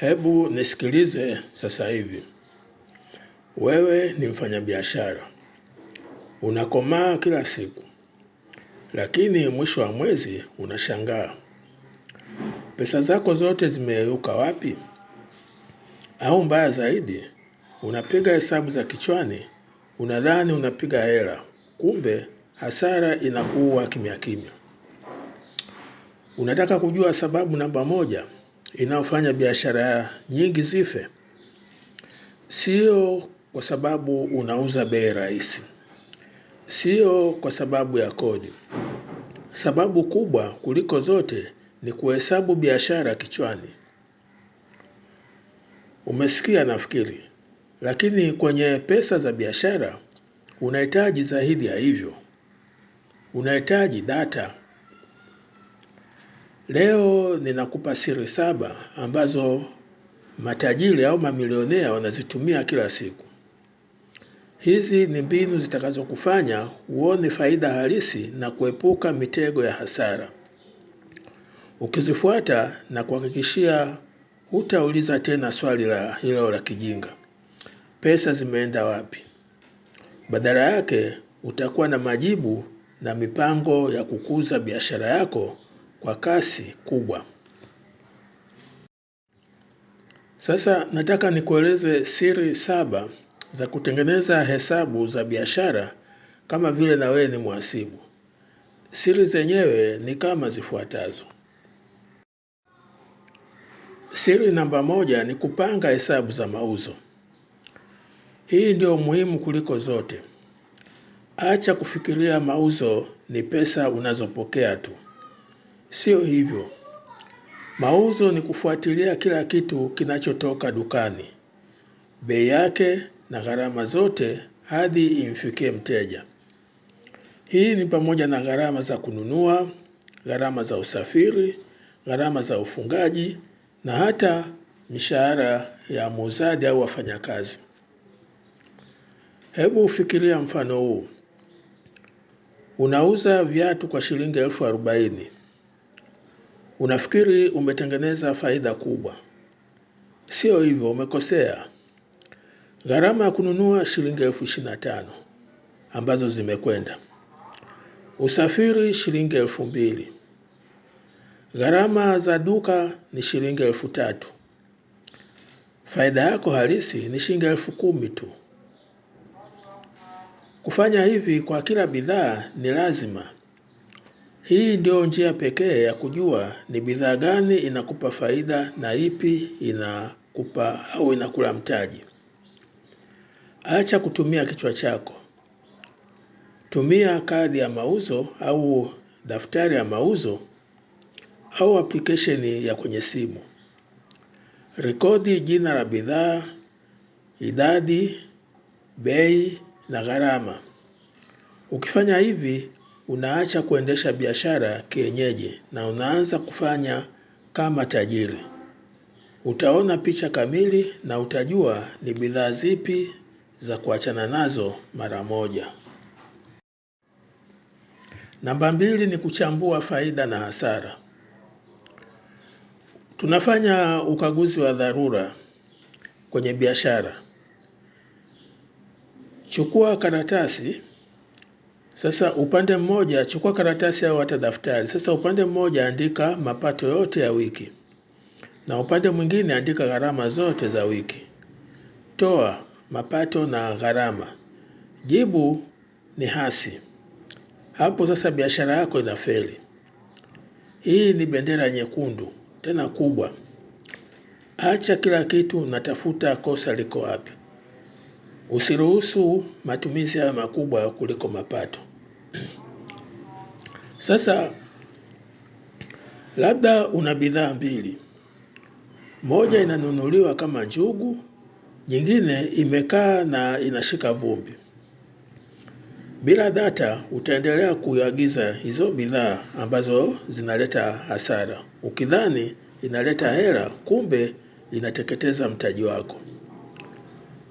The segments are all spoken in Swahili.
Hebu nisikilize sasa hivi. Wewe ni mfanyabiashara, unakomaa kila siku, lakini mwisho wa mwezi unashangaa pesa zako zote zimeyeyuka wapi? Au mbaya zaidi, unapiga hesabu za kichwani, unadhani unapiga hela, kumbe hasara inakuwa kimya kimya. Unataka kujua sababu namba moja inayofanya biashara nyingi zife, sio kwa sababu unauza bei rahisi, sio kwa sababu ya kodi. Sababu kubwa kuliko zote ni kuhesabu biashara kichwani. Umesikia nafikiri, lakini kwenye pesa za biashara unahitaji zaidi ya hivyo. Unahitaji data Leo ninakupa siri saba ambazo matajiri au mamilionea wanazitumia kila siku. Hizi ni mbinu zitakazokufanya uone faida halisi na kuepuka mitego ya hasara. Ukizifuata na kuhakikishia hutauliza tena swali la hilo la kijinga, pesa zimeenda wapi? Badala yake utakuwa na majibu na mipango ya kukuza biashara yako kwa kasi kubwa. Sasa nataka nikueleze siri saba za kutengeneza hesabu za biashara kama vile na wewe ni mhasibu. Siri zenyewe ni kama zifuatazo. Siri namba moja ni kupanga hesabu za mauzo. Hii ndio muhimu kuliko zote. Acha kufikiria mauzo ni pesa unazopokea tu. Sio hivyo. Mauzo ni kufuatilia kila kitu kinachotoka dukani, bei yake na gharama zote hadi imfikie mteja. Hii ni pamoja na gharama za kununua, gharama za usafiri, gharama za ufungaji na hata mishahara ya muuzaji au wafanyakazi. Hebu ufikiria mfano huu: unauza viatu kwa shilingi elfu arobaini Unafikiri umetengeneza faida kubwa, sio hivyo, umekosea. Gharama ya kununua shilingi elfu ishirini na tano ambazo zimekwenda usafiri shilingi elfu mbili gharama za duka ni shilingi elfu tatu faida yako halisi ni shilingi elfu kumi tu. Kufanya hivi kwa kila bidhaa ni lazima hii ndio njia pekee ya kujua ni bidhaa gani inakupa faida na ipi inakupa au inakula mtaji. Acha kutumia kichwa chako. Tumia kadi ya mauzo au daftari ya mauzo au application ya kwenye simu. Rekodi jina la bidhaa, idadi, bei na gharama. Ukifanya hivi Unaacha kuendesha biashara kienyeji na unaanza kufanya kama tajiri. Utaona picha kamili na utajua ni bidhaa zipi za kuachana nazo mara moja. Namba mbili ni kuchambua faida na hasara. Tunafanya ukaguzi wa dharura kwenye biashara. Chukua karatasi sasa upande mmoja chukua karatasi au hata daftari. Sasa upande mmoja andika mapato yote ya wiki na upande mwingine andika gharama zote za wiki. Toa mapato na gharama, jibu ni hasi. Hapo sasa biashara yako inafeli. Hii ni bendera nyekundu tena kubwa. Acha kila kitu na tafuta kosa liko wapi. Usiruhusu matumizi hayo makubwa kuliko mapato. Sasa labda una bidhaa mbili, moja mm. inanunuliwa kama njugu, nyingine imekaa na inashika vumbi. Bila data, utaendelea kuagiza hizo bidhaa ambazo zinaleta hasara, ukidhani inaleta hela, kumbe inateketeza mtaji wako.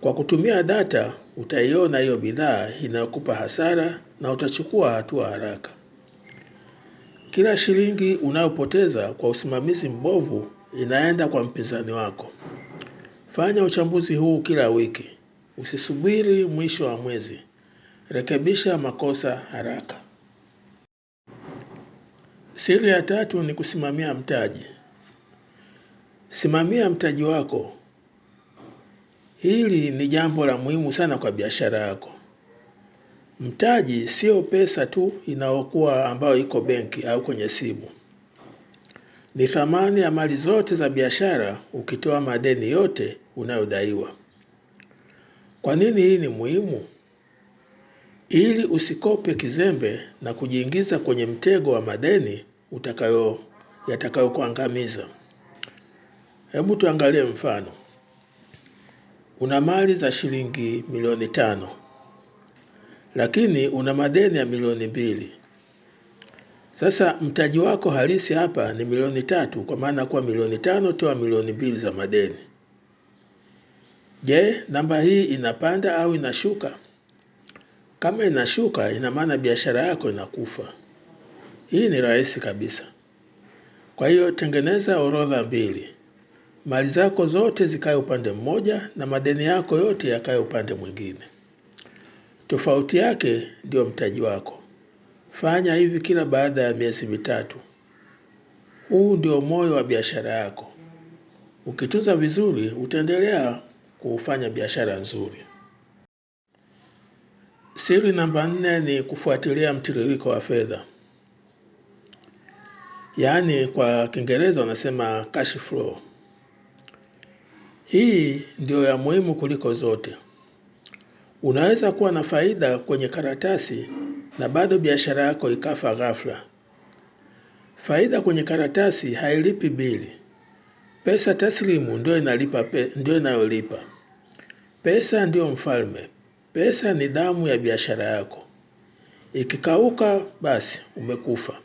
Kwa kutumia data, utaiona hiyo bidhaa inayokupa hasara na utachukua hatua haraka. Kila shilingi unayopoteza kwa usimamizi mbovu inaenda kwa mpinzani wako. Fanya uchambuzi huu kila wiki. Usisubiri mwisho wa mwezi. Rekebisha makosa haraka. Siri ya tatu ni kusimamia mtaji. Simamia mtaji wako. Hili ni jambo la muhimu sana kwa biashara yako. Mtaji sio pesa tu inayokuwa ambayo iko benki au kwenye simu. Ni thamani ya mali zote za biashara ukitoa madeni yote unayodaiwa. Kwa nini hii ni muhimu? Ili usikope kizembe na kujiingiza kwenye mtego wa madeni utakayo yatakayokuangamiza. Hebu tuangalie mfano. Una mali za shilingi milioni tano lakini una madeni ya milioni mbili. Sasa mtaji wako halisi hapa ni milioni tatu, kwa maana kuwa milioni tano toa milioni mbili za madeni. Je, namba hii inapanda au inashuka? Kama inashuka, ina maana biashara yako inakufa. Hii ni rahisi kabisa. Kwa hiyo tengeneza orodha mbili, mali zako zote zikae upande mmoja na madeni yako yote yakae upande mwingine. Tofauti yake ndio mtaji wako. Fanya hivi kila baada ya miezi mitatu. Huu ndio moyo wa biashara yako. Ukitunza vizuri, utaendelea kufanya biashara nzuri. Siri namba nne ni kufuatilia mtiririko wa fedha, yaani kwa Kiingereza wanasema cash flow. Hii ndio ya muhimu kuliko zote. Unaweza kuwa na faida kwenye karatasi na bado biashara yako ikafa ghafla. Faida kwenye karatasi hailipi bili. Pesa taslimu ndio inalipa, ndio inayolipa. Pesa ndiyo mfalme. Pesa ni damu ya biashara yako. Ikikauka basi umekufa.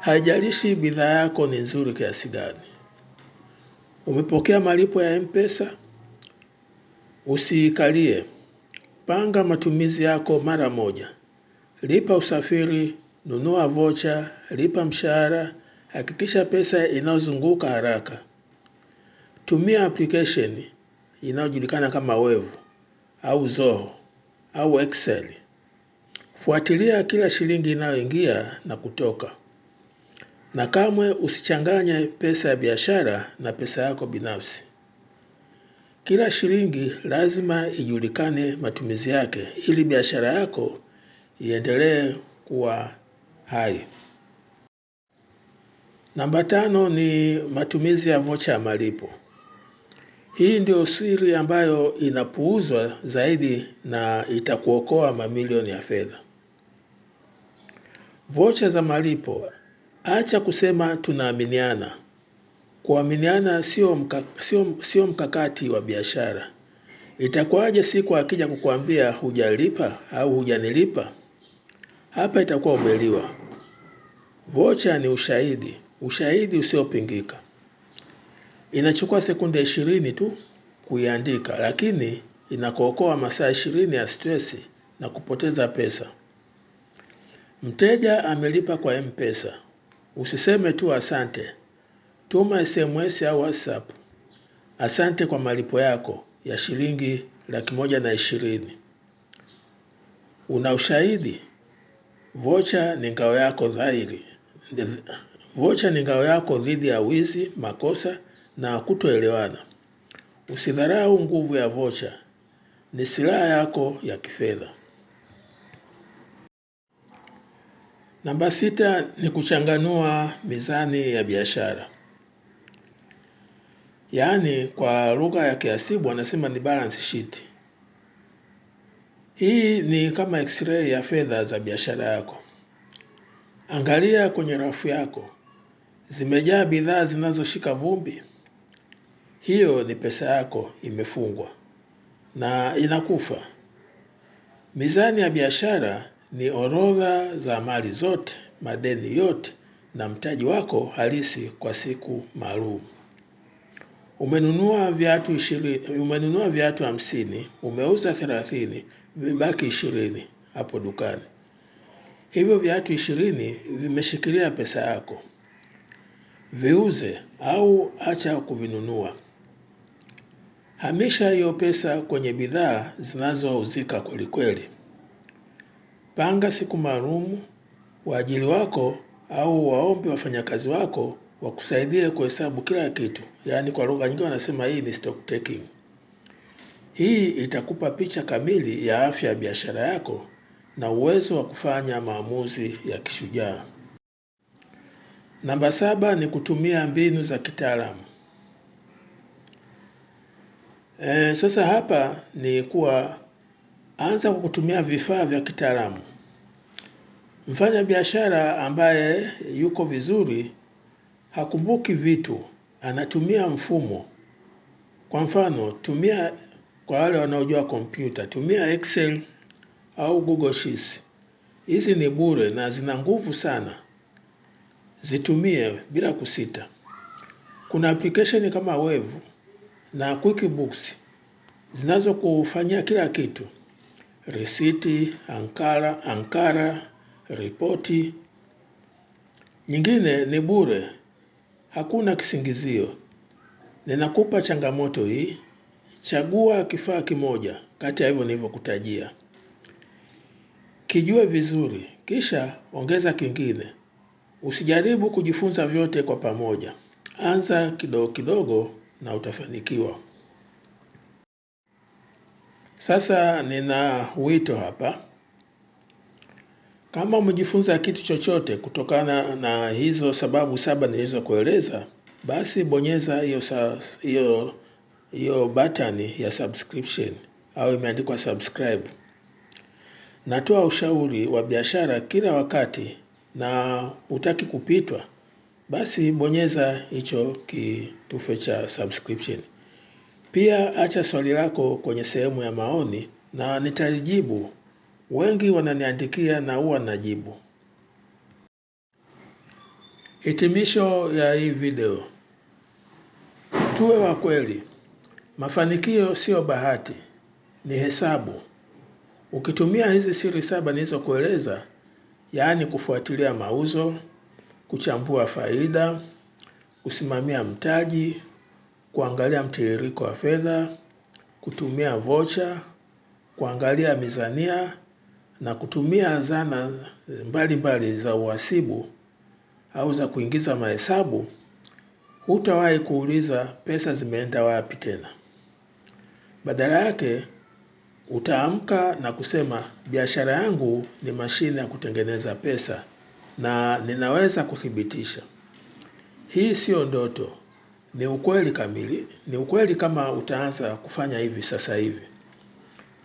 Haijalishi bidhaa yako ni nzuri kiasi gani. Umepokea malipo ya M-Pesa? Usiikalie. Panga matumizi yako mara moja. Lipa usafiri, nunua vocha, lipa mshahara, hakikisha pesa inayozunguka haraka. Tumia application inayojulikana kama Wevu au Zoho au Excel. Fuatilia kila shilingi inayoingia na kutoka, na kamwe usichanganye pesa ya biashara na pesa yako binafsi. Kila shilingi lazima ijulikane matumizi yake ili biashara yako iendelee kuwa hai. Namba tano ni matumizi ya vocha ya malipo. Hii ndio siri ambayo inapuuzwa zaidi na itakuokoa mamilioni ya fedha. Vocha za malipo. Acha kusema tunaaminiana. Kuaminiana sio mka, sio, sio mkakati wa biashara. Itakuwaje siku akija kukuambia hujalipa au hujanilipa? Hapa itakuwa umeliwa. Vocha ni ushahidi, ushahidi usiopingika. Inachukua sekunde ishirini tu kuiandika, lakini inakuokoa masaa ishirini ya stresi na kupoteza pesa. Mteja amelipa kwa M-Pesa, usiseme tu asante, Tuma SMS ya WhatsApp, asante kwa malipo yako ya shilingi laki moja na ishirini. Una ushahidi? Vocha ni ngao yako dhahiri. Vocha ni ngao yako dhidi ya wizi, makosa na kutoelewana. Usidharau nguvu ya vocha, ni silaha yako ya kifedha. Namba sita ni kuchanganua mizani ya biashara yaani kwa lugha ya kiasibu wanasema ni balance sheet. Hii ni kama x-ray ya fedha za biashara yako. Angalia kwenye rafu yako, zimejaa bidhaa zinazoshika vumbi. Hiyo ni pesa yako imefungwa na inakufa. Mizani ya biashara ni orodha za mali zote, madeni yote na mtaji wako halisi kwa siku maalum. Umenunua viatu ishirini, umenunua viatu hamsini, umeuza thelathini, vimebaki ishirini hapo dukani. Hivyo viatu ishirini vimeshikilia pesa yako, viuze au acha kuvinunua. Hamisha hiyo pesa kwenye bidhaa zinazouzika kwelikweli. Panga siku maalum waajili wako au waombe wafanyakazi wako wakusaidie kuhesabu kila kitu, yaani kwa lugha nyingine wanasema hii ni stock taking. Hii itakupa picha kamili ya afya ya biashara yako na uwezo wa kufanya maamuzi ya kishujaa. Namba saba ni kutumia mbinu za kitaalamu. E, sasa hapa ni kuwa anza kwa kutumia vifaa vya kitaalamu. Mfanya biashara ambaye yuko vizuri hakumbuki vitu, anatumia mfumo. Kwa mfano, tumia kwa wale wanaojua kompyuta, tumia Excel au Google Sheets. Hizi ni bure na zina nguvu sana, zitumie bila kusita. Kuna application kama Wave na QuickBooks zinazokufanyia kila kitu: risiti, ankara, ankara, ripoti. Nyingine ni bure Hakuna kisingizio. Ninakupa changamoto hii, chagua kifaa kimoja kati ya hivyo nilivyokutajia, kijue vizuri, kisha ongeza kingine. Usijaribu kujifunza vyote kwa pamoja, anza kidogo kidogo na utafanikiwa. Sasa nina wito hapa kama umejifunza kitu chochote kutokana na hizo sababu saba nilizokueleza, basi bonyeza hiyo hiyo hiyo button ya subscription au imeandikwa subscribe. Natoa ushauri wa biashara kila wakati na hutaki kupitwa, basi bonyeza hicho kitufe cha subscription. Pia acha swali lako kwenye sehemu ya maoni na nitajibu Wengi wananiandikia na huwa najibu. Hitimisho ya hii video, tuwe wa kweli. Mafanikio siyo bahati, ni hesabu. Ukitumia hizi siri saba nilizokueleza, yaani kufuatilia mauzo, kuchambua faida, kusimamia mtaji, kuangalia mtiririko wa fedha, kutumia vocha, kuangalia mizania na kutumia zana mbalimbali mbali za uhasibu au za kuingiza mahesabu, hutawahi kuuliza pesa zimeenda wapi tena. Badala yake utaamka na kusema biashara yangu ni mashine ya kutengeneza pesa na ninaweza kuthibitisha. Hii siyo ndoto, ni ukweli kamili, ni ukweli kama utaanza kufanya hivi sasa hivi.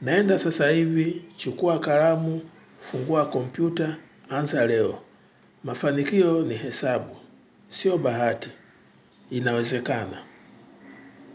Naenda sasa hivi, chukua kalamu, fungua kompyuta, anza leo. Mafanikio ni hesabu, sio bahati. Inawezekana.